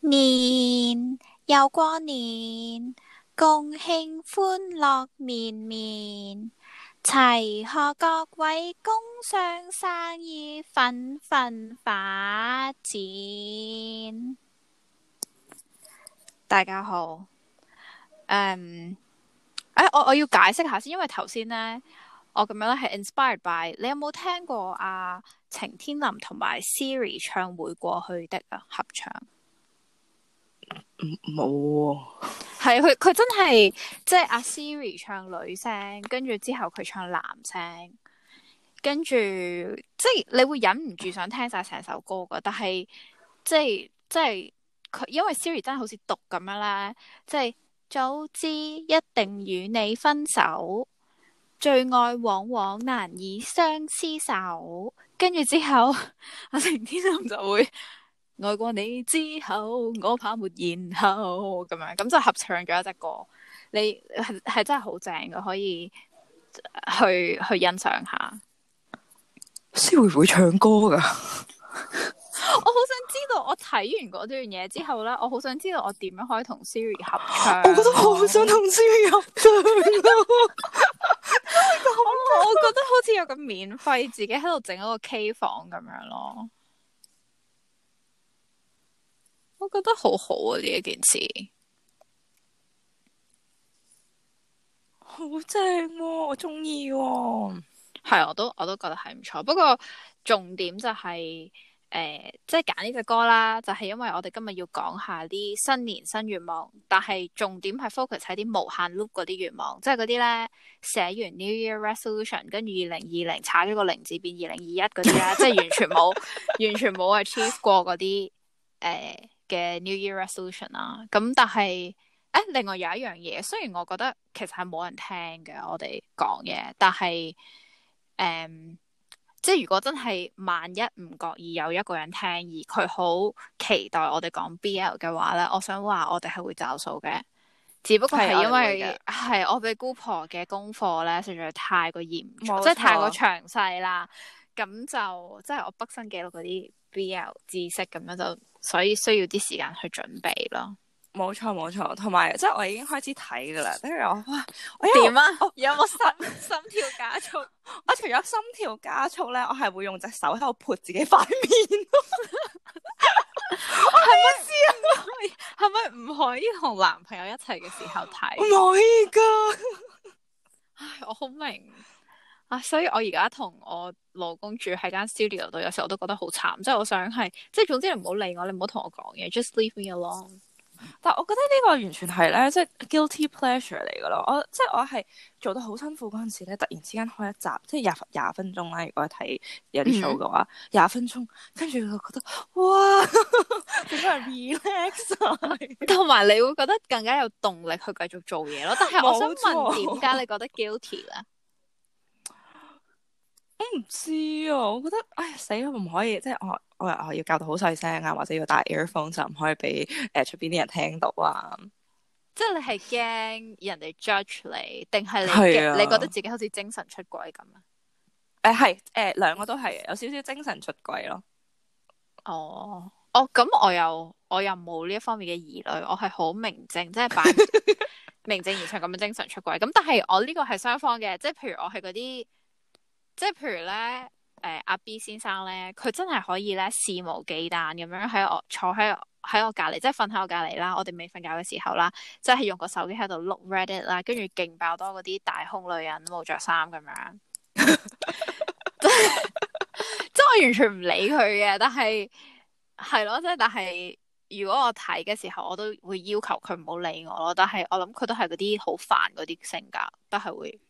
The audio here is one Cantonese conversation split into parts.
年又過年，共慶歡樂綿綿，齊賀各位工商生意奮奮發展。大家好，誒、um, 哎，我我要解釋下先，因為頭先呢，我咁樣咧係 inspired by。你有冇聽過啊？程天林同埋 Siri 唱會過去的合唱。冇喎，係佢佢真係即係阿、就是啊、Siri 唱女聲，跟住之後佢唱男聲，跟住即係你會忍唔住想聽晒成首歌㗎，但係即係即係佢因為 Siri 真係好似毒咁樣啦，即、就、係、是、早知一定與你分手，最愛往往難以相厮守，跟住之後阿成 天林都就會。 愛過你之後，我怕沒然後，咁樣咁就合唱咗一隻歌，你係係真係好正噶，可以去去欣賞下。Siri 會唔會唱歌噶？我好想知道，我睇完嗰段嘢之後咧，我好想知道我點樣可以同 Siri 合唱。我覺得好想同 Siri 合唱啊。 我我覺得好似有個免費自己喺度整一個 K 房咁樣咯。我覺得好好啊！呢一件事好正喎，我中意喎。係，我都我都覺得係唔錯。不過重點就係、是、誒，即係揀呢隻歌啦，就係、是、因為我哋今日要講下啲新年新願望，但係重點係 focus 喺啲無限 loop 嗰啲願望，即係嗰啲咧寫完 New Year Resolution 跟住二零二零踩咗個零字變二零二一嗰啲啦，即係 完全冇完全冇 achieve 過嗰啲誒。呃嘅 New Year resolution 啦、啊，咁但係，誒，另外有一樣嘢，雖然我覺得其實係冇人聽嘅，我哋講嘢，但係，誒、嗯，即係如果真係萬一唔覺意有一個人聽，而佢好期待我哋講 BL 嘅話咧，我想話我哋係會找數嘅，只不過係因為係我俾姑婆嘅功課咧，實在太過嚴重，冇錯，即係太過詳細啦，咁就即係我北新記錄嗰啲。B.L. 知識咁樣就，所以需要啲時間去準備咯。冇錯冇錯，同埋即係我已經開始睇噶啦。跟住我哇，我點啊？有冇心心跳加速？我除咗心跳加速咧，我係會用隻手喺度撥自己塊面。我係咪事啊？係咪唔可以同男朋友一齊嘅時候睇？唔可以噶。唉，我好明。啊，所以我而家同我老公住喺間 studio 度，有時我都覺得好慘，即係我想係，即係總之你唔好理我，你唔好同我講嘢，just leave me alone。但係我覺得呢個完全係咧，即係 guilty pleasure 嚟噶咯。我即係我係做得好辛苦嗰陣時咧，突然之間開一集，即係廿廿分鐘啦，如果睇有啲 show 嘅話，廿、嗯、分鐘，跟住佢覺得哇，點解 relax？同埋你會覺得更加有動力去繼續做嘢咯。但係我想問，冇錯，點解你覺得 guilty 咧？我唔、欸、知啊，我覺得唉死啦，唔可以即係我我，我要教到好細聲啊，或者要戴 earphone 就唔可以俾誒出邊啲人聽到啊。即係你係驚人哋 judge 你，定係你驚、啊、你覺得自己好似精神出軌咁啊？誒係誒兩個都係有少少精神出軌咯哦。哦，哦咁、哦嗯、我又我又冇呢一方面嘅疑慮，我係好明正，即係擺明正言順咁嘅精神出軌。咁 但係我呢個係雙方嘅，即係譬如我係嗰啲。即係譬如咧，誒、呃、阿 B 先生咧，佢真係可以咧肆無忌憚咁樣喺我坐喺喺我隔籬，即係瞓喺我隔籬啦。我哋未瞓覺嘅時候啦，即係用個手機喺度 look Reddit 啦，跟住勁爆多嗰啲大胸女人都冇着衫咁樣。即係我完全唔理佢嘅，但係係咯，即係但係如果我睇嘅時候，我都會要求佢唔好理我咯。但係我諗佢都係嗰啲好煩嗰啲性格，都係會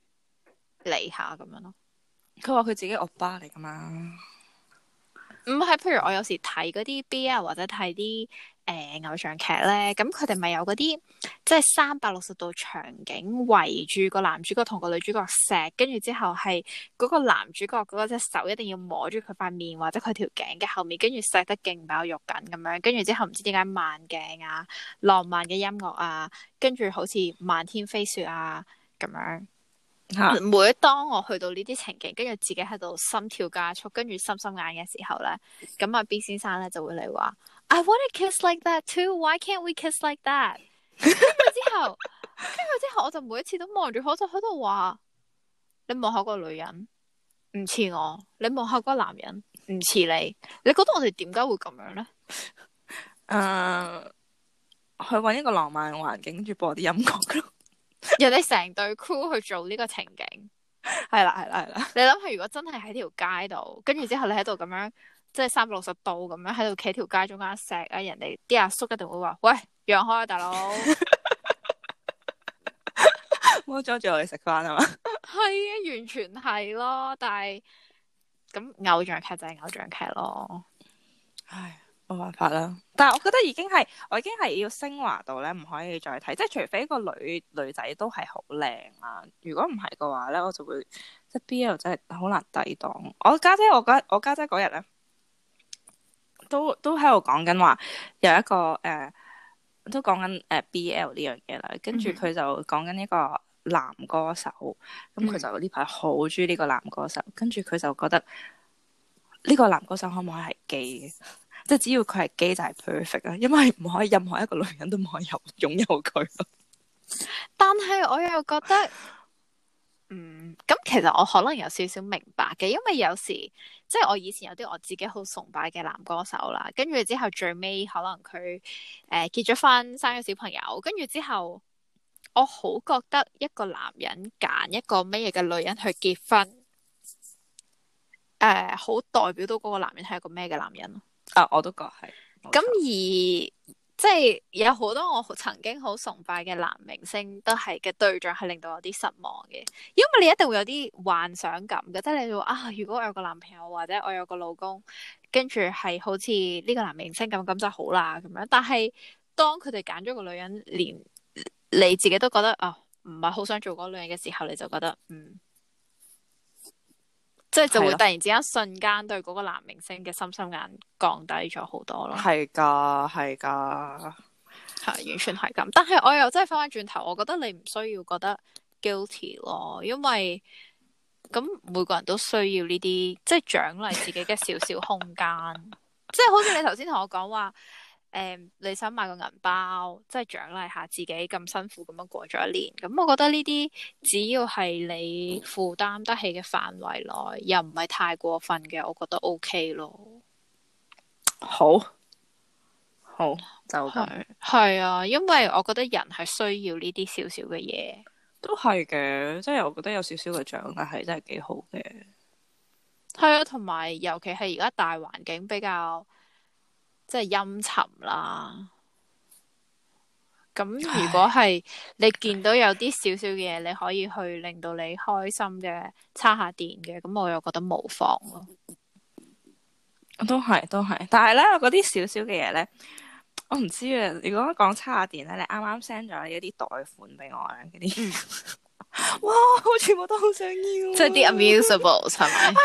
理下咁樣咯。佢話佢自己惡霸嚟噶嘛？唔係、嗯，譬如我有時睇嗰啲 B L 或者睇啲誒偶像劇咧，咁佢哋咪有嗰啲即係三百六十度場景圍住個男主角同個女主角錫，跟住之後係嗰個男主角嗰隻手一定要摸住佢塊面或者佢條頸嘅後面，跟住錫得勁爆肉緊咁樣，跟住之後唔知點解慢鏡啊，浪漫嘅音樂啊，跟住好似漫天飛雪啊咁樣。每當我去到呢啲情景，跟住自己喺度心跳加速，跟住心心眼嘅時候咧，咁阿 B 先生咧就會嚟話 ，I want a kiss like that too，Why can't we kiss like that？ 之後，之後我就每一次都望住，喺度喺度話，你望下個女人唔似我，你望下個男人唔似你，你覺得我哋點解會咁樣咧？誒，uh, 去搵一個浪漫嘅環境，跟住播啲音樂咯。 人哋成對 cool 去做呢個情景，係啦係啦係啦。你諗下，如果真係喺條街度，跟住之後你喺度咁樣，即係三百六十度咁樣喺度企條街中間石啊！人哋啲阿叔一定會話：喂，讓開啊，大佬！冇阻住我哋食飯啊嘛。係啊， 完全係咯。但係咁偶像劇就係偶像劇咯。唉。冇辦法啦，但係我覺得已經係，我已經係要升華到咧，唔可以再睇，即係除非個女女仔都係好靚啊。如果唔係嘅話咧，我就會即 B L 真係好難抵擋。我家姐，姐，我家我家姐嗰日咧，都都喺度講緊話有一個誒、呃，都講緊誒 B L 呢樣嘢啦。跟住佢就講緊呢個男歌手，咁佢、嗯、就呢排好鍾意呢個男歌手，跟住佢就覺得呢、這個男歌手可唔可以係 gay？即只要佢係基就係 perfect 啊，因為唔可以任何一個女人都唔可以有擁有佢咯。但係我又覺得，嗯，咁其實我可能有少少明白嘅，因為有時即係、就是、我以前有啲我自己好崇拜嘅男歌手啦，跟住之後最尾可能佢誒、呃、結咗婚，生咗小朋友，跟住之後我好覺得一個男人揀一個咩嘢嘅女人去結婚，誒、呃，好代表到嗰個男人係一個咩嘅男人咯。啊、哦！我都覺係，咁、嗯、而即係有好多我曾經好崇拜嘅男明星都，都係嘅對象係令到我啲失望嘅。因為你一定會有啲幻想感嘅，即係你會啊，如果我有個男朋友或者我有個老公，跟住係好似呢個男明星咁，咁就好啦咁樣。但係當佢哋揀咗個女人，連你自己都覺得啊，唔係好想做嗰女人嘅時候，你就覺得嗯。即係就會突然之間瞬間對嗰個男明星嘅心心眼降低咗好多咯。係㗎，係㗎，係完全係咁。但係我又真係翻返轉頭，我覺得你唔需要覺得 guilty 咯，因為咁每個人都需要呢啲即係獎勵自己嘅少少空間。 即係好似你頭先同我講話。誒、嗯，你想買個銀包，即係獎勵下自己咁辛苦咁樣過咗一年，咁我覺得呢啲只要係你負擔得起嘅範圍內，又唔係太過分嘅，我覺得 OK 咯。好，好，就係。係 啊，因為我覺得人係需要呢啲少少嘅嘢。都係嘅，即係我覺得有少少嘅獎勵係真係幾好嘅。係 啊，同埋尤其係而家大環境比較。即係陰沉啦。咁如果係你見到有啲少少嘅嘢，你可以去令到你開心嘅，叉下電嘅，咁我又覺得無妨咯。都係，都係。但係咧，嗰啲少少嘅嘢咧，我唔知啊。如果講叉下電咧，你啱啱 send 咗一啲代款俾我啊，嗰啲 哇，我全部都好想要。即係啲 amuseables 係咪？係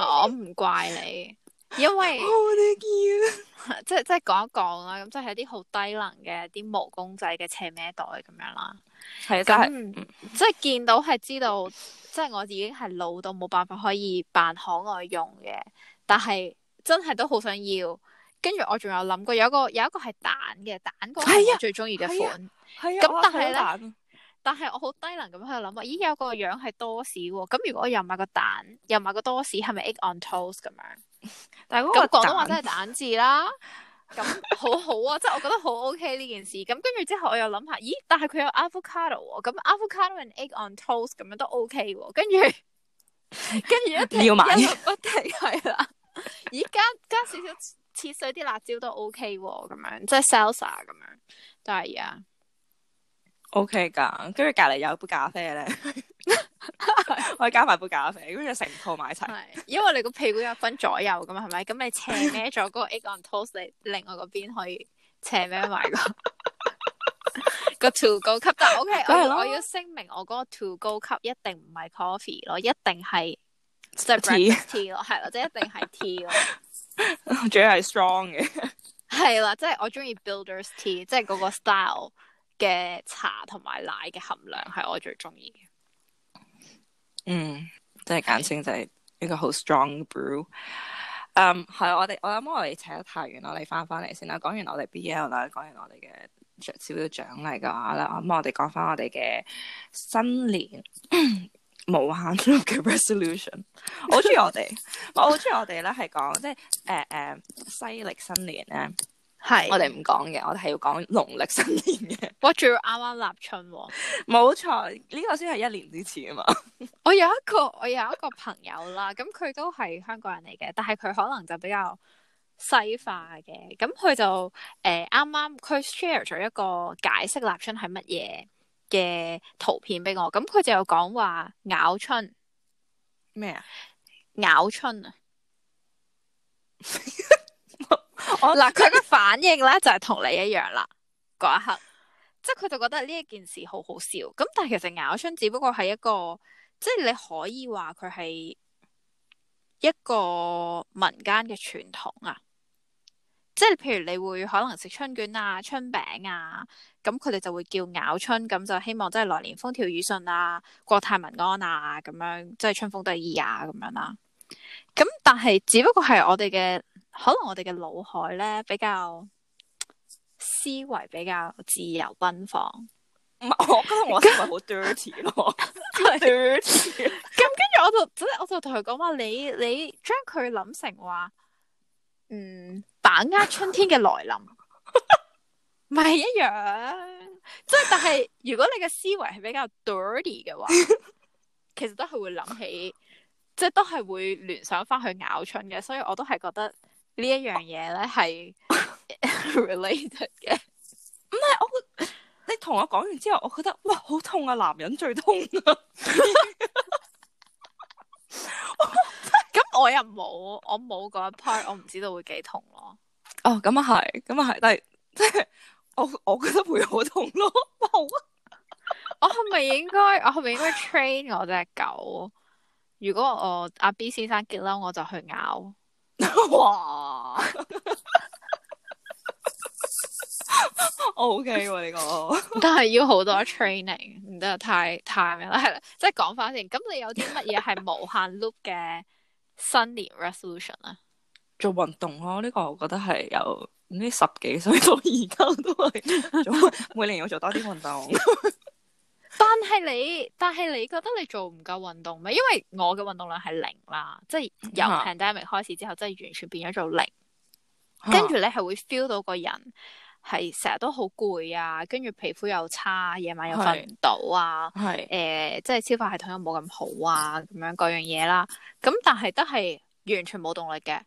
啊。 我唔怪你。因為、oh, thank 即係即係講一講啦，咁即係啲好低能嘅啲毛公仔嘅斜咩袋咁樣啦，係就係即係見到係知道， 即係我已經係老到冇辦法可以扮可愛用嘅，但係真係都好想要。跟住我仲有諗過有，有一個有一個係蛋嘅蛋，個係我最中意嘅款。係啊，咁但係咧，但係我好低能咁喺度諗，咦，有個樣係多士喎？咁如果我又買個蛋，又買個多士，係咪 egg on toast 咁樣？但係嗰個廣東話真係蛋治啦，咁好 好啊， 即係我覺得好 OK 呢件事。咁跟住之後我又諗下，咦？但係佢有 avocado 咁、哦、avocado and egg on toast 咁樣都 OK 跟住跟住一定要慢 一直唔停係 是啦。而 加加少少切碎啲辣椒都 OK 咁、哦、樣即係 salsa 咁樣都係啊。OK 噶，跟住隔籬有一杯咖啡咧。 我去加埋杯咖啡，咁就成套買齊。因為你個屁股有分左右噶嘛，係咪？咁你斜孭咗嗰個 egg on toast，你另外嗰邊可以斜孭埋個個 two 高級，但 OK，我要聲明我嗰個 two 高級一定唔係 coffee 咯，一定係 tea 咯，係咯，即係一定係 tea 咯。主要係 strong 嘅，係啦，即係我中意 builders tea，即係嗰個 style 嘅茶同埋奶嘅含量係我最中意。嗯，即係簡稱就係一個好 strong brew 嗯，um，係啊，我哋我諗我哋扯得太遠啦，我哋翻翻嚟先啦。講完我哋 BL 啦，講完我哋嘅少少獎勵嘅話啦，咁我哋講翻我哋嘅新年 無限嘅 resolution。我好中意我哋，我好中意我哋咧係講即係誒誒，西、呃、歷新年咧。係是，我哋唔講嘅，我哋係要講農曆新年嘅。我仲要啱啱立春、哦，冇錯， 呢、這個先係一年之前啊嘛。 我有一個，我有一個朋友啦，咁佢 都係香港人嚟嘅，但係佢可能就比較西化嘅，咁佢就誒啱啱佢 share 咗一個解釋立春係乜嘢嘅圖片俾我，咁佢就有講話咬春咩啊？麼咬春啊！ 我嗱，佢嘅反應咧就係同你一樣啦，嗰一刻，即係佢就覺得呢一件事好好笑。咁但係其實咬春只不過係一個，即係你可以話佢係一個民間嘅傳統啊。即係譬如你會可能食春卷啊、春餅啊，咁佢哋就會叫咬春，咁就希望即係來年風調雨順啊、國泰民安啊，咁樣即係春風得意啊，咁樣啦。咁但係只不過係我哋嘅。可能我哋嘅腦海咧比較思維比較自由奔放，唔係我，因為我思維好 dirty 咯，dirty。咁跟住我就我就同佢講話，你你將佢諗成話，嗯，把握春天嘅來臨，唔係一樣。即係但係如果你嘅思維係比較 dirty 嘅話，其實都係會諗起，即係都係會聯想翻去咬春嘅，所以我都係覺得。呢一樣嘢咧係 related 嘅，唔係我，你同我講完之後，我覺得哇好痛啊！男人最痛啊！咁、 哦、我又冇，我冇嗰 part，我唔知道會幾痛咯、啊。哦，咁啊係，咁啊係，但係即係我我覺得會好痛咯，好啊！ 好 我係咪應該我係咪應該 train 我隻狗？如果我阿 B 先生激嬲，我就去咬。哇，O K 喎，呢、 okay，這個，但係要好多 training，唔得太太咩啦，係啦，即係講翻先，咁你有啲乜嘢係無限 loop 嘅新年 resolution 啊？做運動咯、啊、呢、這個我覺得係有，呢十幾歲到而家都係每年要做多啲運動。 但係你，但係你覺得你做唔夠運動咩？因為我嘅運動量係零啦，即係由 pandemic 開始之後，真係、啊、完全變咗做零。跟住、啊、你係會 feel 到個人係成日都好攰啊，跟住皮膚又差，夜晚又瞓唔到啊，係誒、呃，即係消化系統又冇咁好啊，咁樣嗰樣嘢啦。咁但係都係完全冇動力嘅。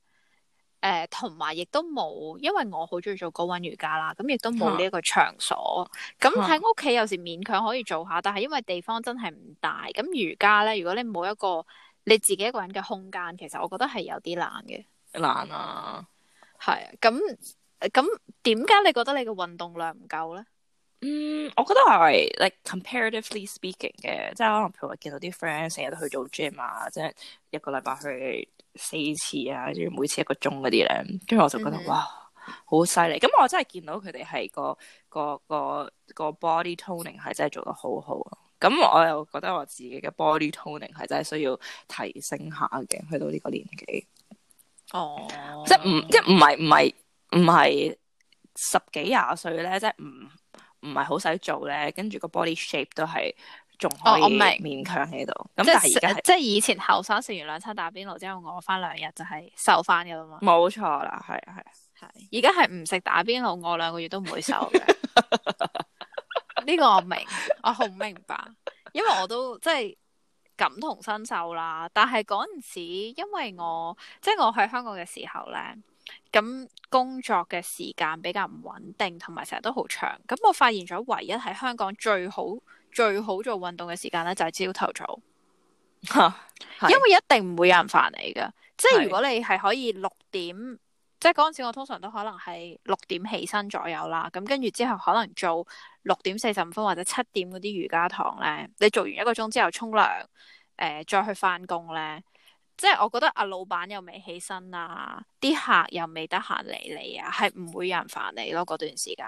誒，同埋亦都冇，因為我好中意做高溫瑜伽啦，咁亦都冇呢一個場所。咁喺屋企有時勉強可以做下，嗯、但係因為地方真係唔大。咁瑜伽咧，如果你冇一個你自己一個人嘅空間，其實我覺得係有啲難嘅。難啊，係。咁咁點解你覺得你嘅運動量唔夠咧？嗯，我覺得係 like comparatively speaking 嘅，即係可能譬如我見到啲 friend 成日都去做 gym 啊，即係一個禮拜去四次啊，即住每次一個鐘嗰啲咧，跟住我就覺得、mm hmm. 哇，好犀利。咁我真係見到佢哋係個個個個,個 body toning 係真係做得好好啊。咁我又覺得我自己嘅 body toning 係真係需要提升下嘅。去到呢個年紀哦、oh.，即係唔即係唔係唔係唔係十幾廿歲咧，即係唔～唔係好使做咧，跟住個 body shape 都係仲可以勉強喺度。咁但係而家即係以前後生食完兩餐打邊爐之後餓翻兩日就係瘦翻噶啦嘛。冇錯啦，係啊係啊，係。而家係唔食打邊爐我兩個月都唔會瘦嘅。呢 個我明，我好明白，因為我都即係感同身受啦。但係嗰陣時，因為我即係我喺香港嘅時候咧。咁工作嘅時間比較唔穩定，同埋成日都好長。咁我發現咗唯一喺香港最好最好做運動嘅時間咧，就係朝頭早，上早上。吓、啊，因為一定唔會有人煩你噶。是即係如果你係可以六點，是即係嗰陣時我通常都可能係六點起身左右啦。咁跟住之後可能做六點四十五分或者七點嗰啲瑜伽堂咧，你做完一個鐘之後沖涼，誒、呃、再去翻工咧。即係我覺得阿老闆又未起身啦，啲客又未得閒理你啊，係唔、啊、會有人煩你咯。嗰段時間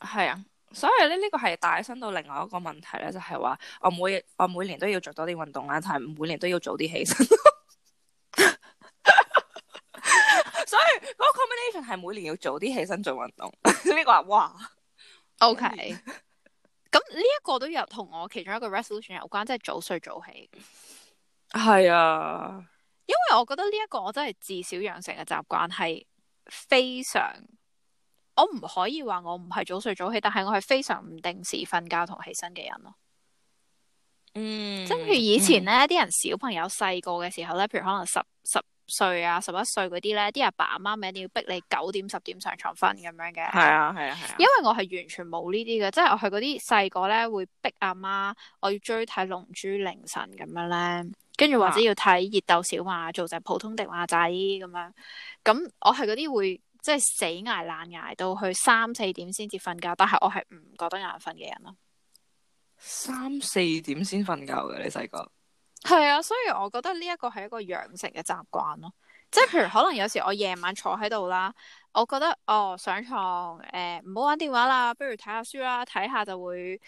係啊，所以咧呢個係帶生到另外一個問題咧，就係、是、話我每我每年都要做多啲運動啊，同、就、埋、是、每年都要早啲起身。所以嗰個 combination 係每年要早啲起身做運動呢、 這個哇，OK。咁呢一個都有同我其中一個 resolution 有關，即、就、係、是、早睡早起。係啊，因為我覺得呢一個我真係自小養成嘅習慣係非常。我唔可以話我唔係早睡早起，但係我係非常唔定時瞓覺同起身嘅人咯。嗯，即係譬如以前咧，啲、嗯、人小朋友細個嘅時候咧，譬如可能十十歲啊、十一歲嗰啲咧，啲阿爸阿媽咪一定要逼你九點、十點上床瞓咁樣嘅。係啊，係啊，係啊。因為我係完全冇呢啲嘅，即係我係嗰啲細個咧會逼阿媽我要追睇《龍珠》《凌晨》咁樣咧。跟住或者要睇熱鬥小馬做就普通迪馬仔咁樣，咁我係嗰啲會即係死捱爛捱到去三四點先至瞓覺，但係我係唔覺得眼瞓嘅人咯。三四點先瞓覺嘅你細個？係啊，所以我覺得呢一個係一個養成嘅習慣咯。即係譬如可能有時我夜晚坐喺度啦，我覺得哦上床，誒唔好玩電話啦，不如睇下書啦，睇下就會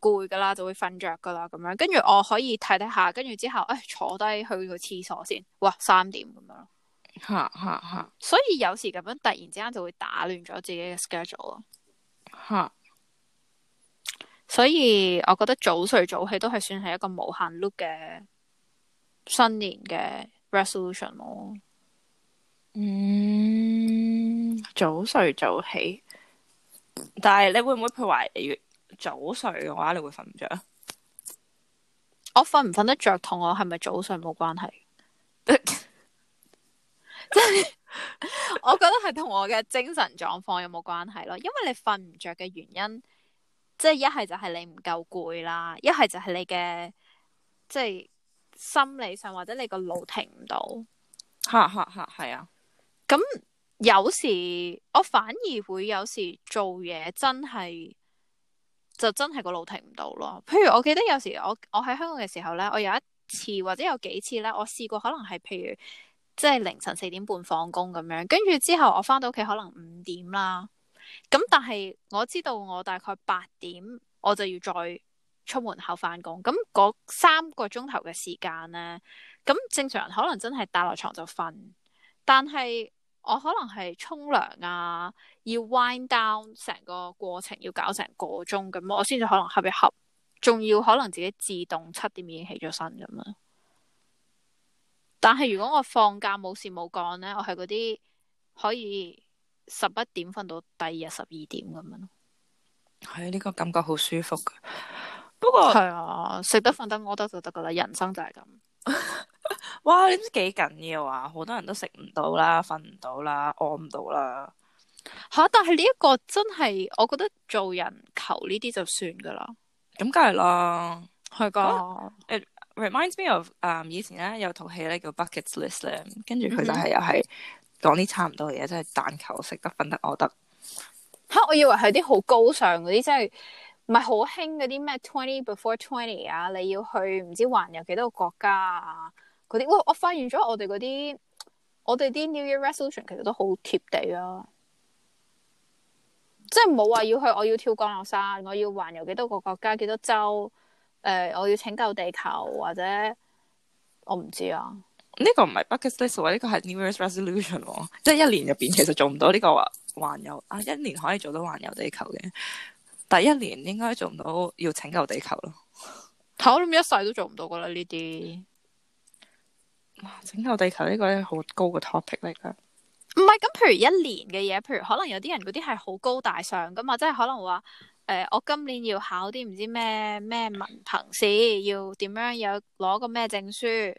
攰噶啦，就會瞓着噶啦，咁樣，跟住我可以睇睇下，跟住之後誒、哎、坐低去個廁所先。哇，三點咁樣咯，吓吓吓，所以有時咁樣突然之間就會打亂咗自己嘅 schedule 咯。吓， 所以我覺得早睡早起都係算係一個無限 loop 嘅新年嘅 resolution 咯。嗯，早睡早起，但係你會唔會破壞？早睡嘅話，你會瞓唔着？我瞓唔瞓得着，同我係咪早睡冇關係，即 係 我覺得係同我嘅精神狀況有冇關係咯。因為你瞓唔着嘅原因，即係一係就係、是、你唔夠攰啦，一係就係你嘅即係心理上或者你個腦停唔到。吓吓吓，係啊。咁有時我反而會有時做嘢真係。就真係個腦停唔到咯。譬如我記得有時我我喺香港嘅時候咧，我有一次或者有幾次咧，我試過可能係譬如即係凌晨四點半放工咁樣，跟住之後我翻到屋企可能五點啦。咁但係我知道我大概八點我就要再出門口翻工。咁嗰三個鐘頭嘅時間咧，咁正常人可能真係打落床就瞓，但係。我可能係沖涼啊，要 wind down 成個過程，要搞成個鐘咁，我先至可能合一合，仲要可能自己自動七點已經起咗身咁啦。但係如果我放假冇事冇幹呢，我係嗰啲可以十一點瞓到第二日十二點咁樣。係呢、哎這個感覺好舒服，不過係啊，食得瞓得，屙得就得噶啦， 人生就係咁。哇，你唔知幾緊要啊！好多人都食唔到啦，瞓唔到啦，屙唔到啦。吓、啊，但係呢一個真係，我覺得做人求呢啲就算噶啦。咁梗係啦，係噶的。誒，It reminds me of、um, 以前咧有套戲咧叫《Bucket List》咧，跟住佢就係又係講啲差唔多嘅嘢，即係但求食得、瞓得、屙得。吓、啊，我以為係啲好高尚嗰啲，即係唔係好興嗰啲咩？Twenty before twenty 啊，你要去唔知環遊幾多個國家啊？嗰啲，我我發現咗我哋嗰啲，我哋啲 New Year Resolution 其實都好貼地啊，即係冇話要去我要跳降落傘，我要環遊幾多個國家幾多州，誒，呃，我要拯救地球或者我唔知啊。呢個唔係 bucket list，呢個係 New Year Resolution，哦，即係一年入邊其實做唔到呢個環遊啊，一年可以做到環遊地球嘅，第一年應該做唔到要拯救地球咯。我諗一世都做唔到㗎喇呢啲。拯救地球呢個咧好高嘅 topic 嚟噶。唔係咁，譬如一年嘅嘢，譬如可能有啲人嗰啲係好高大上噶嘛，即係可能話，誒、呃，我今年要考啲唔知咩咩文憑試，要點樣有攞個咩證書，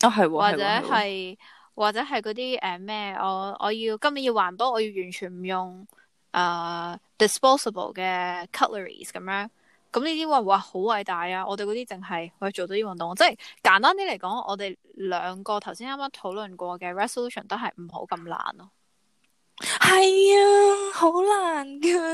哦、啊係或者係，啊啊、或者係嗰啲誒咩，我我要今年要環保，我要完全唔用誒、呃、disposable 嘅 cutlery 咁樣。咁呢啲話話好偉大啊！我哋嗰啲淨係可以做到啲運動，即係簡單啲嚟講，我哋兩個頭先啱啱討論過嘅 resolution 都係唔好咁懶。咯係啊，好難㗎，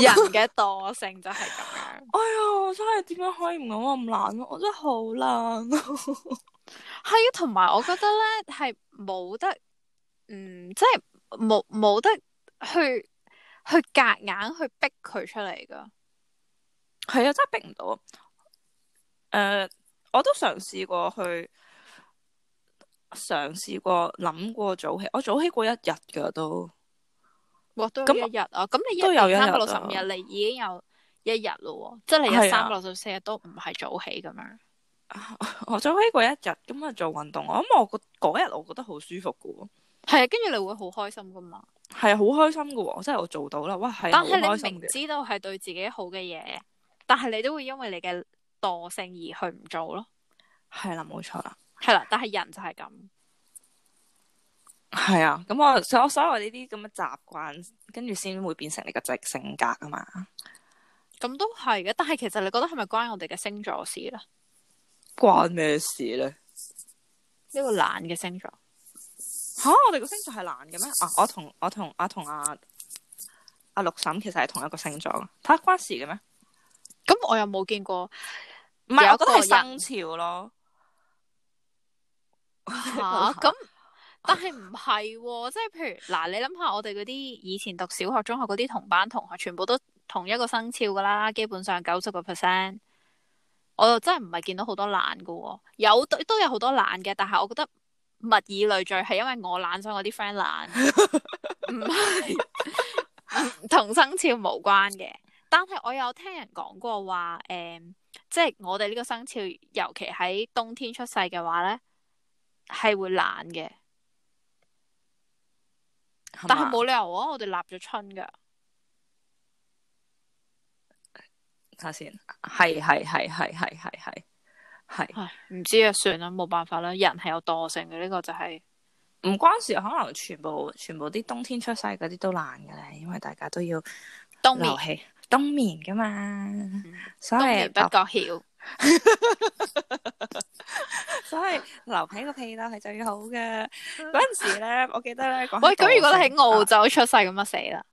人嘅惰性就係咁樣。哎呀，真係點解可以唔好咁懶咯？我真係好懶咯。係 啊，同埋我覺得咧係冇得，嗯，即係冇冇得去。去夾硬去逼佢出嚟噶，係啊，真係逼唔到。誒、uh,，我都嘗試過去嘗試過諗過早起，我早起過一日噶都。哇，都一日啊！咁那、哦、你一都有三百六十五日，你已經有一日咯，即係你有三百六十四日都唔係早起咁樣。我早起過一日，今日做運動，我咁我嗰嗰日我覺得好舒服噶喎。係啊，跟住你會好開心噶嘛。係好開心噶喎，真係我做到啦！哇，係好開心嘅。但係你明知道係對自己好嘅嘢，但係你都會因為你嘅惰性而去唔做咯。係啦，冇錯啦。係啦，但係人就係咁。係啊，咁我，我所所有呢啲咁嘅習慣，跟住先會變成你個性格啊嘛。咁都係嘅，但係其實你覺得係咪關我哋嘅星座事咧？關咩事咧？呢個懶嘅星座。吓、啊！我哋個星座係男嘅咩？啊！我同我同阿同阿阿六嬸其實係同一個星座，睇關事嘅咩？咁我又冇見過，唔係我覺得係生肖咯。吓、啊、咁？啊啊啊啊、但係唔係，即係譬如嗱、啊，你諗下我哋嗰啲以前讀小學、中學嗰啲同班同學，全部都同一個生肖噶啦，基本上九十個 percent。我又真係唔係見到好多男嘅、哦，有都有好多男嘅，但係我覺得。物以類聚係因為我懶，所以我啲 friend 懶，唔係同生肖無關嘅。但係我有聽人講過話，誒、嗯，即係我哋呢個生肖，尤其喺冬天出世嘅話咧，係會懶嘅。嗎但係冇理由啊，我哋立咗春㗎。睇下先，係係係係係係係。係唔知啊，算啦，冇辦法啦。人係有惰性嘅，呢、這個就係、是、唔關事。可能全部全部啲冬天出世嗰啲都爛噶啦，因為大家都要冬，面冬眠，嗯、以冬眠噶嘛。 所以不覺曉，所以留喺個屁啦，係最好嘅。嗰陣時咧，我記得咧，喂，咁如果你喺澳洲出世咁啊死啦！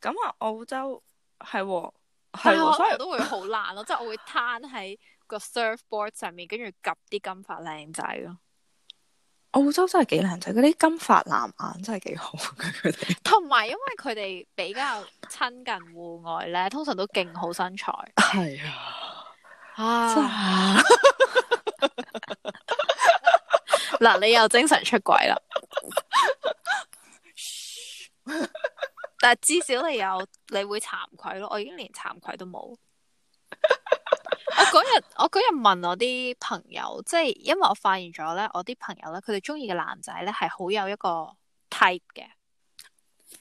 咁啊，了澳洲係係、哦哦哦，所以、啊、我都會好爛咯，即係 我會攤喺。個 surfboard 上面，跟住夾啲金髮靚仔咯，澳洲真係幾靚仔，嗰啲金髮藍眼真係幾好佢哋。同埋因為佢哋比較親近戶外咧，通常都勁好身材。係 啊，啊，嗱，你又精神出軌啦， 但係至少你有你會慚愧咯，我已經連慚愧都冇。日 我嗰日問我啲朋友，即係因為我發現咗咧，我啲朋友咧，佢哋中意嘅男仔咧，係好有一個 type 嘅。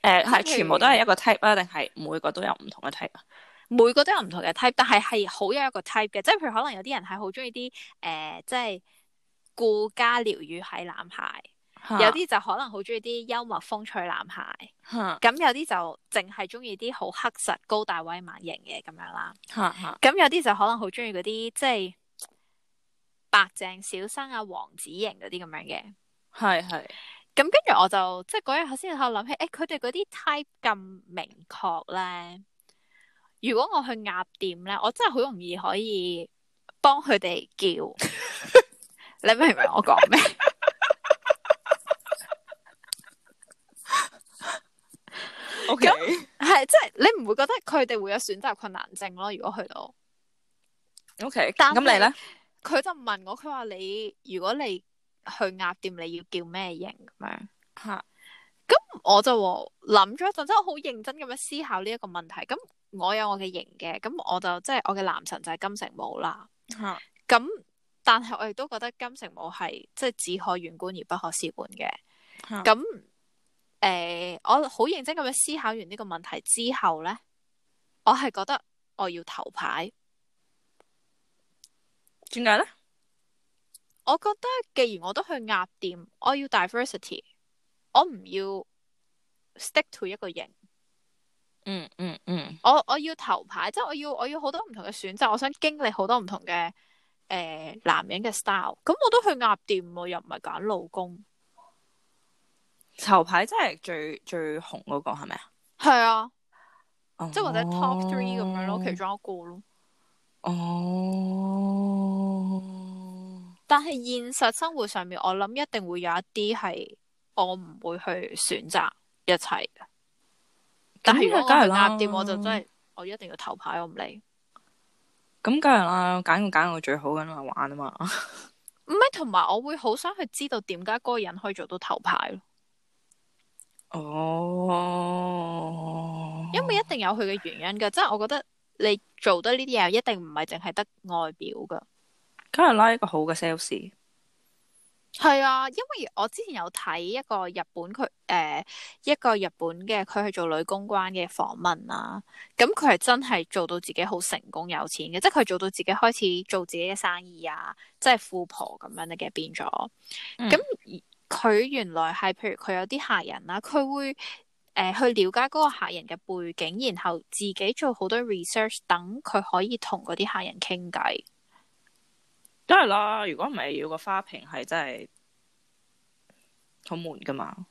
誒係、呃、全部都係一個 type 啊？定係每個都有唔同嘅 type？啊，每個都有唔同嘅 type，但係係好有一個 type 嘅，即係譬如可能有啲人係好中意啲誒即係顧家療癒型男孩。有啲就可能好中意啲幽默風趣男孩，咁、嗯、有啲就淨係中意啲好黑實高大威猛型嘅咁樣啦。咁、嗯嗯、有啲就可能好中意嗰啲即係白淨小生啊、王子型嗰啲咁樣嘅。係係、嗯。咁跟住我就即係嗰日頭先我喺度諗起，誒，佢哋嗰啲 type 咁明確咧，如果我去鴨店咧，我真係好容易可以幫佢哋叫。 你明唔明我講咩？ 咁係 Okay.，即係你唔會覺得佢哋會有選擇困難症咯？如果去到，O Okay . K，但咁是你咧，佢就問我，佢話你如果你去鴨店，你要叫咩型咁樣？吓，咁我就諗咗一陣，真係好認真咁樣思考呢一個問題。咁我有我嘅型嘅，咁我就即係、就是、我嘅男神就係金城武啦。吓， 咁但係我亦都覺得金城武係即係只可遠觀而不可褻玩嘅。咁。 誒，uh, 我好認真咁樣思考完呢個問題之後咧，我係覺得我要頭牌，點解咧？我覺得既然我都去鴨店，我要 diversity，我唔要 stick to 一個型。嗯嗯嗯，我我要頭牌，即係我要我要好多唔同嘅選擇，我想經歷好多唔同嘅誒男人嘅 style。咁我都去鴨店，我又唔係揀老公。頭牌真係最最紅嗰個係咪啊？係啊，哦，即係或者 top three 咁樣咯，哦，其中一個咯。哦，但係現實生活上面，我諗一定會有一啲係我唔會去選擇一齊嘅。咁，但係如果我壓店，我就真係我一定要頭牌，我唔理，咁梗係啦，揀我揀我最好，咁嚟玩啊嘛。唔係，同埋我會好想去知道點解嗰個人可以做到頭牌咯。哦，oh，因為一定有佢嘅原因噶， 即係我覺得你做得呢啲嘢，一定唔係淨係得外表噶梗係啦，一個好嘅 sales。係 啊，因為我之前有睇一個日本佢、誒、呃、一個日本嘅佢去做女公關嘅訪問啊。咁佢係真係做到自己好成功有錢嘅，即係佢做到自己開始做自己嘅生意啊，即係富婆咁樣嘅變咗，咁、嗯。佢原來係，譬如佢有啲客人啦，佢會誒、呃、去了解嗰個客人嘅背景，然後自己做好多 research，等佢可以同嗰啲客人傾偈。梗係啦，如果唔係要個花瓶係真係好悶噶嘛。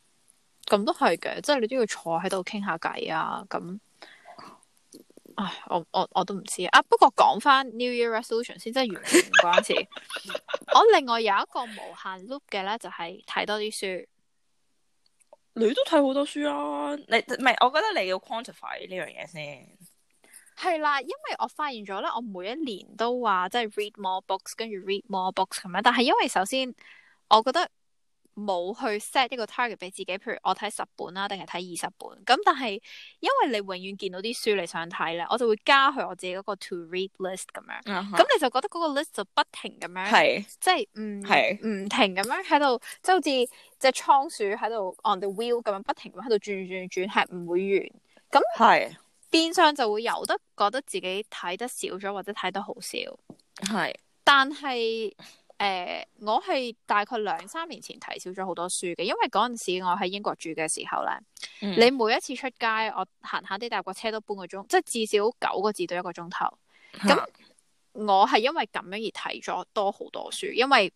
咁都係嘅，即係你都要坐喺度傾下偈啊咁。唉，我我我都唔知啊。不過講翻 New Year Resolution 先，真係完全唔關事。我另外有一個無限 loop 嘅咧，就係睇多啲書。你都睇好多書啊？你唔係？我覺得你要 quantify 呢樣嘢先。係啦，因為我發現咗咧，我每一年都話即係 read more books，跟住 read more books 咁樣。但係因為首先，我覺得。冇去 set 呢個 target 俾自己，譬如我睇十本啦，啊，定係睇二十本。咁但係，因為你永遠見到啲書你想睇咧，我就會加去我自己嗰個 to read list 咁樣。咁、uh huh。你就覺得嗰個 list 就不停咁樣，是即係唔唔停咁樣喺度，即係好似隻倉鼠喺度 on the wheel 咁樣，不停咁喺度轉轉轉，係唔會完。咁係，變相是就會有得覺得自己睇得少咗，或者睇得好少。係是，但係。誒，uh, 我係大概兩三年前睇少咗好多書嘅。因為嗰陣時我喺英國住嘅時候咧，嗯、你每一次出街，我行下啲搭個車都半個鐘，即係至少九個字到一個鐘頭。咁、嗯、我係因為咁樣而睇咗多好多書，因為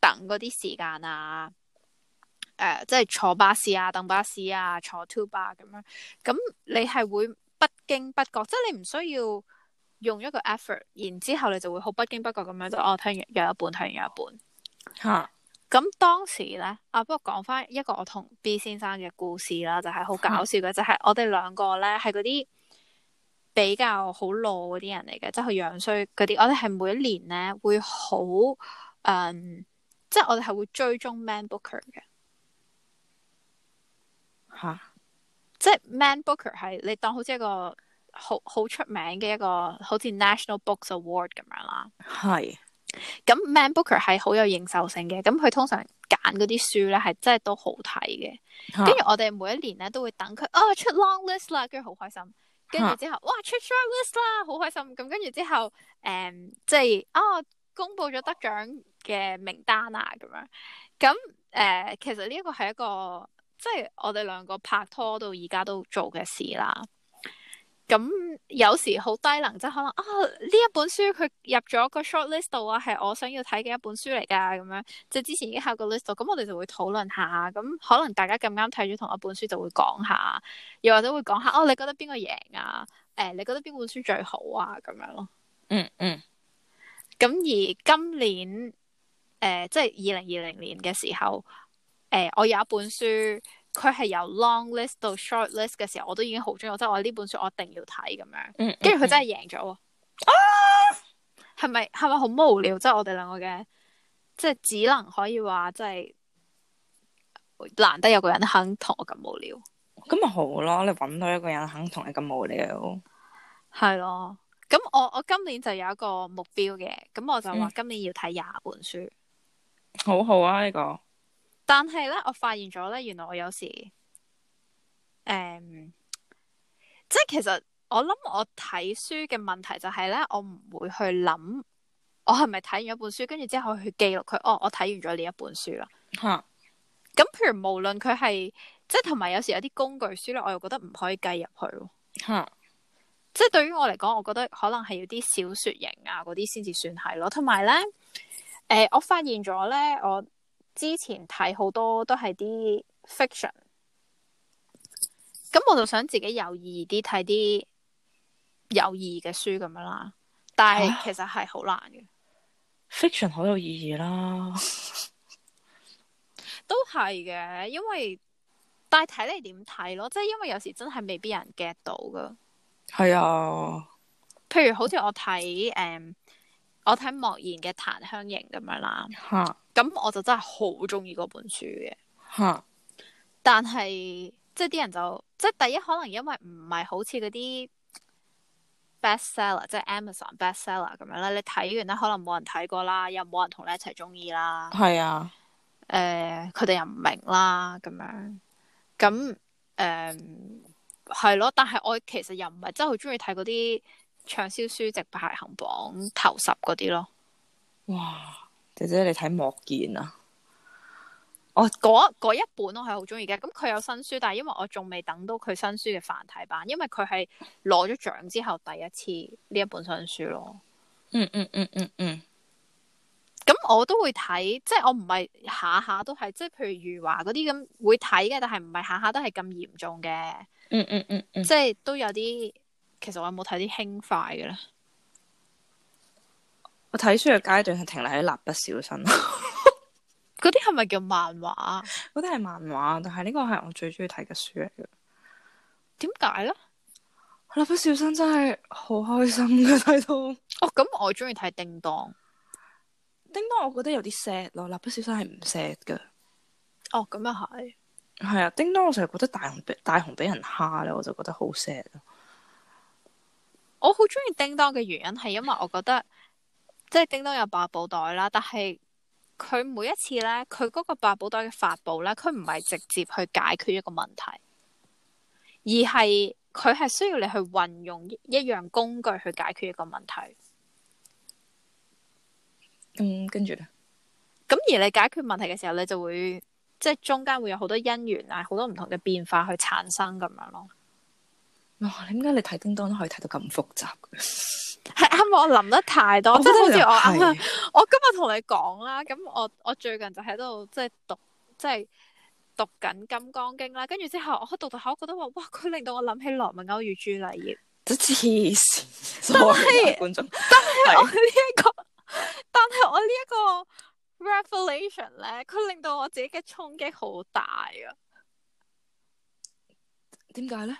等嗰啲時間啊，誒、呃，即係坐巴士啊、等巴士啊、坐 tube 啊咁樣。咁你係會不經不覺，即係你唔需要。用一個 effort，然之後你就會好不經不覺咁樣就哦，聽完有一半，聽完有一半嚇。咁哈當時咧啊，不過講翻一個我同 B 先生嘅故事啦，就係、是、好搞笑嘅哈，就係、是、我哋兩個咧係嗰啲比較好老嗰啲人嚟嘅，即係養衰嗰啲。我哋係每一年咧會好誒，即係我哋係會追蹤 Man Booker 嘅嚇，哈即係 Man Booker 係你當好似一個。好好出名嘅一個，好似 National Books Award 咁樣啦。係是，咁 Man Booker 係好有認受性嘅，咁佢通常揀嗰啲書咧係真係都好睇嘅。跟住、啊、我哋每一年咧都會等佢，啊、哦、出 Long List 啦，跟住好開心。跟住之後，啊、哇出 Short List 啦，好開心。咁跟住之後，誒即係啊公布咗得獎嘅名單啊咁樣。咁誒、呃，其實呢一個係一個即係我哋兩個拍拖到而家都做嘅事啦。咁有時好低能，即係可能啊呢、哦、一本書佢入咗個 short list 度啊，係我想要睇嘅一本書嚟噶，咁樣即係之前已經喺個 list 度，咁我哋就會討論下，咁可能大家咁啱睇咗同一本書就會講下，又或者會講下哦，你覺得邊個贏啊？誒、呃，你覺得邊本書最好啊？咁樣咯、嗯。嗯嗯。咁而今年誒、呃，即係二零二零年嘅時候，誒、呃，我有一本書。佢係由 long list 到 short list 嘅時候，我都已經好中意，即係我呢本書我一定要睇，咁樣嗯。嗯，跟住佢真係贏咗喎。嗯嗯、啊，係咪係咪好無聊？即係、嗯、我哋兩個嘅，即係只能可以話，即係難得有個人肯同我咁無聊。咁咪好咯，你搵到一個人肯同你咁無聊。係咯，咁 我我今年就有一個目標嘅，咁我就話今年要睇廿本書、嗯。 好好啊，呢個。但係咧，我發現咗咧，原來我有時，誒、嗯，即係其實我諗我睇書嘅問題就係咧，我唔會去諗我係咪睇完一本書，跟住之後去記錄佢。哦，我睇完咗呢一本書啦。吓、嗯，咁譬如無論佢係即係同埋有時有啲工具書咧，我又覺得唔可以計入去。吓、嗯，即係對於我嚟講，我覺得可能係要啲小說型啊嗰啲先至算係咯。同埋咧，誒、呃，我發現咗咧，我。之前睇好多都係啲 fiction，咁我就想自己有意義啲睇啲有意義嘅書咁樣啦，但係其實係好難嘅。fiction 好有意義啦，都係嘅，因為但係睇你點睇咯，即係因為有時真係未必人 get 到噶。係啊，譬如好似我睇誒。嗯我睇莫言嘅《檀香刑》咁樣啦，咁、啊、我就真係好中意嗰本書嘅。吓、啊，但係即係啲人就即係、就是、第一可能因為唔係好似嗰啲 bestseller，即係 Amazon bestseller 咁樣啦。你睇完咧可能冇人睇過啦，又冇人同你一齊中意啦。係啊，誒、呃，佢哋又唔明啦咁樣，咁誒係咯，但係我其實又唔係真係好中意睇嗰啲。暢銷書籍排行榜頭十嗰啲咯，哇！姐姐你睇莫言啊？我嗰一本我係好中意嘅，咁佢有新書，但係因為我仲未等到佢新書嘅繁體版，因為佢係攞咗獎之後第一次呢一本新書咯。嗯嗯嗯嗯嗯。咁、嗯嗯嗯嗯、我，會、就是、我都會睇，即係我唔係下下都係，即係譬如余華嗰啲咁會睇嘅，但係唔係下下都係咁嚴重嘅、嗯。嗯嗯嗯嗯，即、嗯、係都有啲。其實我有冇睇啲輕快嘅咧？我睇書嘅階段係停留喺《蠟筆小新》咯。嗰啲係咪叫漫畫？嗰啲係漫畫，但係呢個係我最中意睇嘅書嚟嘅。點解咧？蠟筆小新真係好開心嘅、啊、睇到。哦，咁我中意睇《叮當》。叮當，我覺得有啲 sad 咯。蠟筆小新係唔 sad 噶。哦，咁又係。係啊，叮當，我成日覺得大雄大雄俾人蝦咧，我就覺得好 sad 咯。我好中意叮噹嘅原因係因為我覺得，即係叮噹有八寶袋啦，但係佢每一次咧，佢嗰個八寶袋嘅發佈咧，佢唔係直接去解決一個問題，而係佢係需要你去運用一樣工具去解決一個問題。嗯，跟住咧，咁而你解決問題嘅時候，你就會即係中間會有好多因緣啊，好多唔同嘅變化去產生咁樣咯。哇！點解你睇叮噹都可以睇到咁複雜？係啱，我諗得太多，即係好似我啱。我今日同你講啦，咁我我最近就喺度即係讀即係讀緊金剛經啦。跟住之後我讀到，我覺得話哇，佢令到我諗起羅密歐與茱麗葉。都黐線。但係我呢一個，但係我呢一個 revelation 咧，佢令到我自己嘅衝擊好大啊！點解咧？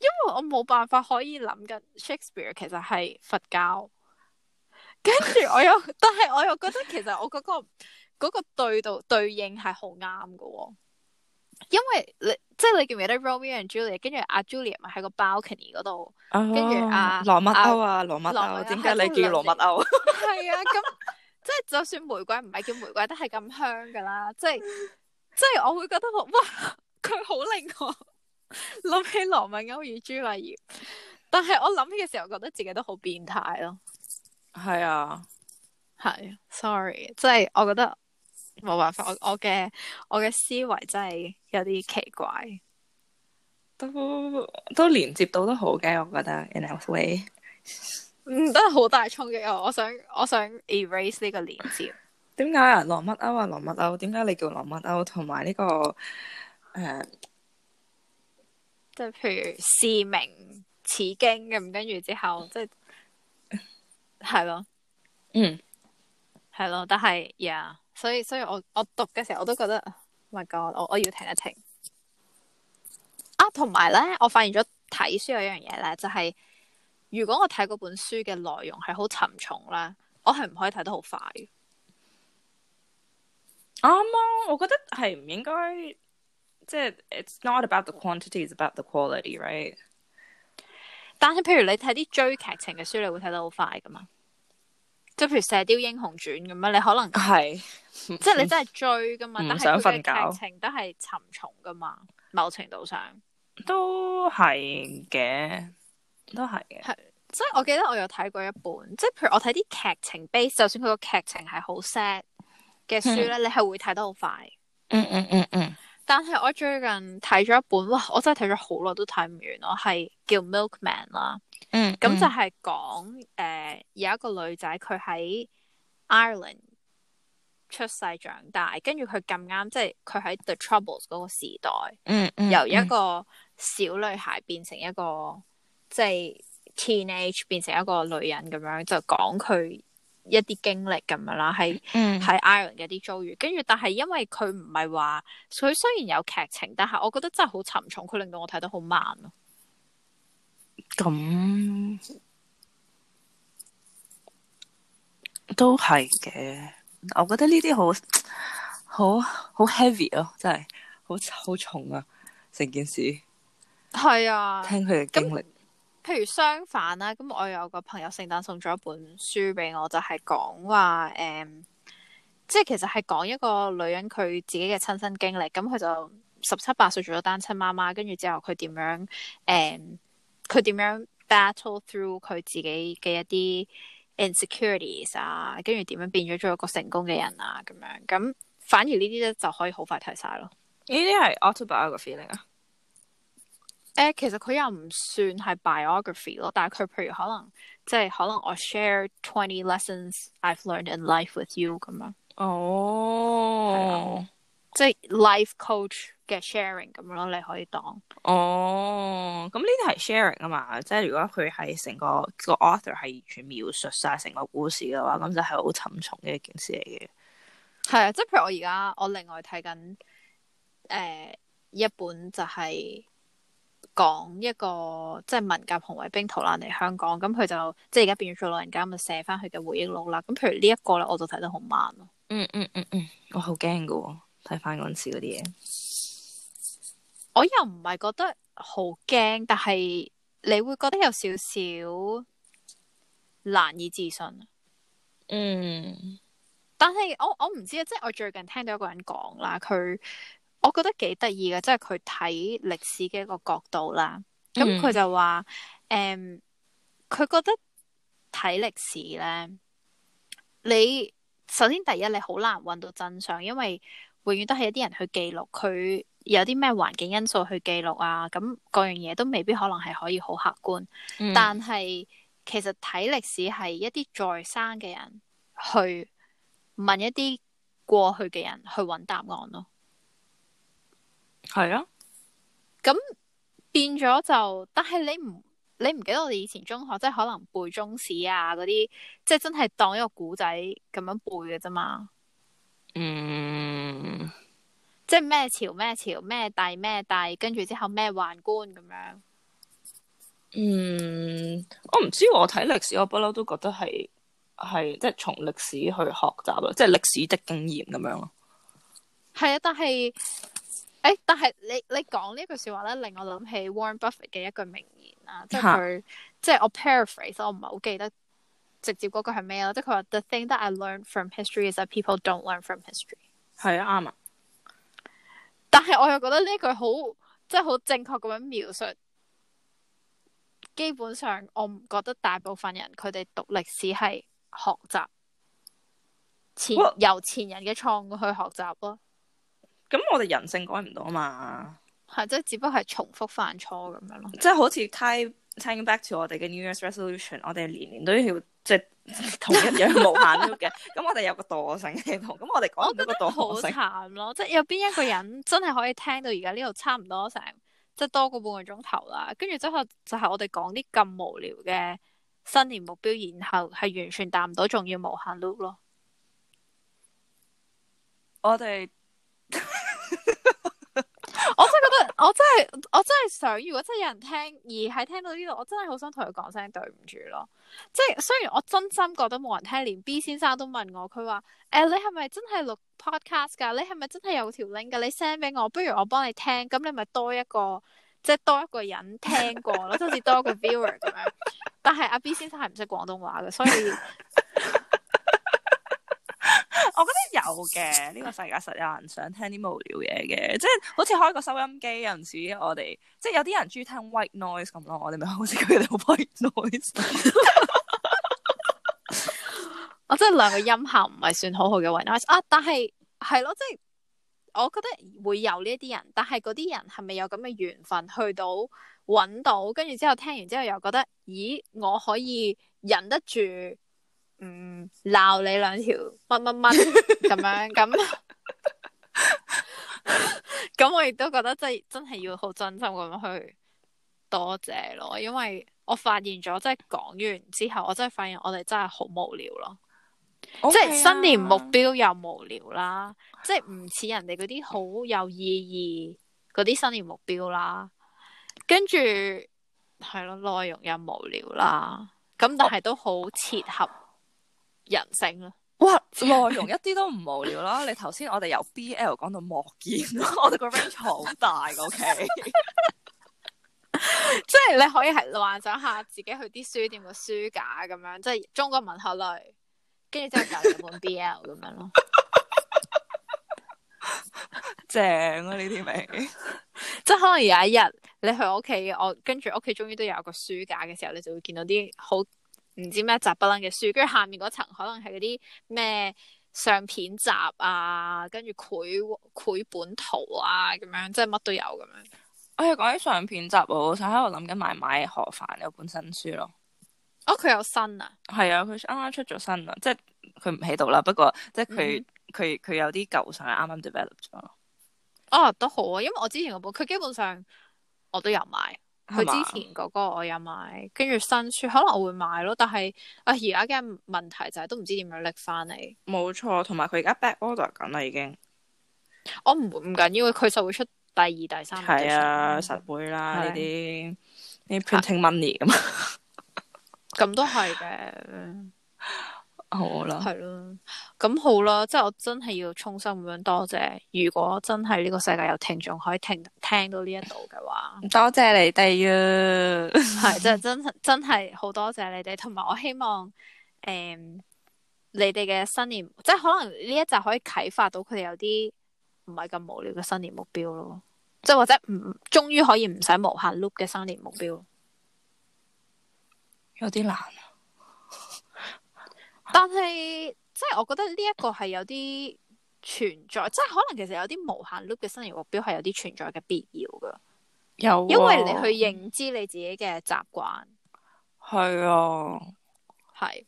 因為我冇辦法可以諗緊 Shakespeare，其實係佛教，跟住我又，但係我又覺得其實我嗰、嗰個嗰 個對到對應係好啱噶，因為你即係你記唔記得 Romeo and Juliet 跟住阿 Julia 咪喺個 balcony 嗰度，跟住阿羅密歐啊羅密、啊、歐，點解你叫羅密歐？係 啊，咁即係就算玫瑰唔係叫玫瑰，都係咁香噶啦，即係 即係我會覺得哇，佢好令我。諗起羅密歐與朱麗葉，但係我諗起嘅時候，覺得自己都好變態咯。係啊，係，sorry，即係我覺得冇辦法，我我嘅我嘅思維真係有啲奇怪。都都連接到都好嘅，我覺得。In a way，都係好大衝擊啊！我想我想 erase 呢個連接。點解啊？羅密歐啊，羅密歐，點解你叫羅密歐？同埋呢個誒。呃即係譬如示明此經咁，跟住之後即係係咯，嗯，係咯，但係呀、yeah，所以所以我我讀嘅時候我都覺得，oh my god，我我要停一停啊！同埋咧，我發現咗睇書有一樣嘢咧，就係如果我睇嗰本書嘅內容係好沉重啦，我係唔可以睇得好快。啱啱、 嗯，我覺得係唔應該。即係，it's not about the quantity, is about the quality，right？但係，譬如你睇啲追劇情嘅書，你會睇得好快噶嘛？即係譬如《射雕英雄傳》咁樣，你可能係是即係你真係追噶嘛？ 但係佢嘅劇情都係沉重噶嘛？某程度上都係嘅，都係嘅。係即係，所以我記得我有睇過一本，即係譬如我睇啲劇情 base，就算佢個劇情係好 sad 嘅書咧，嗯、你係會睇得好快。嗯嗯嗯嗯。嗯嗯嗯但係我最近睇咗一本，哇！我真係睇咗好耐都睇唔完，囉，係叫《Milkman》啦。嗯。咁、嗯、就係講誒有一個女仔，佢喺 Ireland 出世長大，跟住佢咁啱即係佢喺 The Troubles 嗰個時代，嗯，嗯，嗯由一個小女孩變成一個即係、就是、teenage 變成一個女人咁樣，就講佢。一啲經歷咁樣啦，喺喺 Iron 嘅一啲遭遇，跟住、嗯、但係因為佢唔係話佢雖然有劇情，但係我覺得真係好沉重，佢令到我睇得好慢咯。咁、嗯、都係嘅，我覺得呢啲好好好 heavy 咯、啊，真係好好重啊，成件事。係啊，聽佢嘅經歷。嗯嗯譬如相反啦，咁我有個朋友聖誕送咗一本書俾我，就係講話，誒、嗯，即係其實係講一個女人佢自己嘅親身經歷，咁、嗯、佢就十七八歲做咗單親媽媽，跟住之後佢點樣，誒、嗯，佢點樣 battle through 佢自己嘅一啲 insecurities 啊，跟住點樣變咗做一個成功嘅人啊，咁樣，咁、嗯、反而呢啲咧就可以好快睇晒咯。呢啲係 autobiography 個 feeling 啊？誒，其實佢又唔算係 biography 咯，但係佢譬如可能即係可能我 share twenty lessons I've learned in life with you 咁樣。哦，即係 life coach 嘅 sharing 咁樣咯，你可以當。哦，咁呢啲係 sharing 啊嘛，即係如果佢係成個個 author 係完全描述晒成個故事嘅話，咁就係好沉重嘅一件事嚟嘅。係啊，即係譬如我而家我另外睇緊誒一本就係、是。講一個即係文革紅衛兵逃難嚟香港，咁佢就即係而家變咗做老人家，咁就寫翻佢嘅回憶錄啦。咁譬如呢一個咧，我就睇得好慢咯，嗯。嗯嗯嗯嗯，我、嗯、好驚噶，哦，睇翻嗰陣時嗰啲嘢。 我又唔係覺得好驚，但係你會覺得有少少難以置信。嗯，但係我我唔知啊，即係我最近聽到一個人講啦，佢。我覺得幾得意嘅，即係佢睇歷史嘅一個角度啦。咁佢就話：，誒、嗯，佢、嗯、覺得睇歷史咧，你首先第一你好難揾到真相，因為永遠都係一啲人去記錄，佢有啲咩環境因素去記錄啊。咁各樣嘢都未必可能係可以好客觀。嗯、但係其實睇歷史係一啲在生嘅人去問一啲過去嘅人去揾答案咯。係啊，咁變咗就，但係你唔你唔記得我哋以前中學即係可能背中史啊嗰啲，即係真係當一個古仔咁樣背嘅啫嘛。嗯，即係咩朝咩朝咩帝咩帝，跟住之後咩宦官咁樣。嗯，我唔知我睇歷史，我不嬲都覺得係係即係從歷史去學習咯，即係歷史的經驗咁樣咯。係啊，但係。誒、欸，但係你你講呢句說話咧，令我諗起 Warren Buffett 嘅一句名言啦，啊，即係佢即係我 paraphrase，我唔係好記得直接嗰個係咩咯，即係佢話 The thing that I learn from history is that people don't learn from history。係啊，啱。啊，但係我又覺得呢句好即係好正確咁樣描述，基本上我唔覺得大部分人佢哋讀歷史係學習前哇由前人嘅錯去學習咯。咁我哋人性改唔到啊嘛，係 即係只不過係重複犯錯咁樣咯， 即係好似 tie tying back to 我哋嘅 New Year’s Resolution，我哋年年都要即係同一樣 無限 loop 嘅，咁我哋有個惰性系統，咁我哋講咗個惰性好慘咯，即係有邊一個人真係可以聽到而家呢度差唔多成即係多個半個鐘頭啦，跟住之後就係我哋講啲咁無聊嘅新年目標，然後係完全達唔到，仲要無限 loop 咯，我哋。 我真係覺得我，我真係，我真係想，如果真係有人聽，而喺聽到呢度，我真係好想同佢講聲對唔住咯。即係雖然我真心覺得冇人聽，連 B 先生都問我，佢話誒，你係咪真係錄 podcast 噶？你係咪真係有條 link 噶？你 send 俾我，不如我幫你聽，咁你咪多一個，即係多一個人聽過咯， 即係多一個 viewer 咁樣。但係阿 B 先生係唔識廣東話嘅，所以。 我覺得有嘅，呢個世界實有人想聽啲無聊嘢嘅，即係好似開個收音機，有陣時我哋即係有啲人中意聽 white noise 咁咯。我哋咪好似佢哋好 white noise。我真係兩個音效唔係算好好嘅 white noise 啊！但係係咯，即係我覺得會有呢一啲人，但係嗰啲人係咪有咁嘅緣分去到揾到，跟住之後聽完之後又覺得，咦，我可以忍得住。嗯，鬧你兩條乜乜乜咁樣咁，咁 我亦都覺得真係真係要好真心咁樣去多謝咯，因為我發現咗，即係講完之後，我真係發現我哋真係好無聊咯，Okay 即係新年目標又無聊啦，Okay 即係唔似人哋嗰啲好有意義嗰啲新年目標啦，跟住，係咯，內容又無聊啦，咁但係都好切合。 人性咯，哇，內容一啲都唔無聊啦！ 你頭先我哋由 B L 講到莫言，我哋個 range 好大嘅屋企，即、okay? 係 你可以係幻想下自己去啲書店個書架咁樣，即、就、係、是、中國文學類，跟住之後搞日本 B L 咁樣咯，正啊呢啲咪，即係 可能有一日你去我屋企，我跟住屋企終於都有一個書架嘅時候，你就會見到啲好。唔知咩雜不楞嘅書，跟住下面嗰層可能係嗰啲咩相片集啊，跟住繪繪本圖啊，咁樣即係乜都有咁樣。我係講起相片集喎，我想喺度諗緊買買何凡有本新書咯。哦，佢有新啊？係啊，佢啱啱出咗新啊，即係佢唔喺度啦。不過即係佢佢佢有啲舊相啱啱 develop 咗。哦、啊，都好啊，因為我之前嗰本佢基本上我都有買。佢之前嗰個我有買，跟住新書可能我會買咯，但係啊而家嘅問題就係都唔知點樣拎翻嚟。冇錯，同埋佢而家 back order 緊啦已經。我唔唔緊要，佢就會出第二、第三。係啊，實會啦呢啲，呢啲的 printing money 咁咁都係嘅。 好啦，係 咯，咁好啦，即係我真係要衷心咁樣多謝。如果真係呢個世界有聽眾可以聽聽到呢一度嘅話， 多謝你哋啊！係 真真真係好多謝你哋，同埋我希望誒、嗯，你哋嘅新年即係可能呢一集可以啟發到佢哋有啲唔係咁無聊嘅新年目標咯。即係或者唔終於可以唔使無限 loop 嘅新年目標，有啲難啊。但係即係，我覺得呢一個係有啲存在，即係可能其實有啲無限 loop 嘅新年目標係有啲存在嘅必要噶。有、哦，因為你去認知你自己嘅習慣係啊，係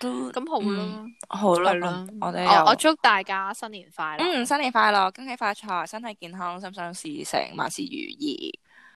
咁好啦、嗯，好啦，吧我哋我，我祝大家新年快樂，嗯，新年快樂，恭喜發財，身體健康，心想事成，萬事如意。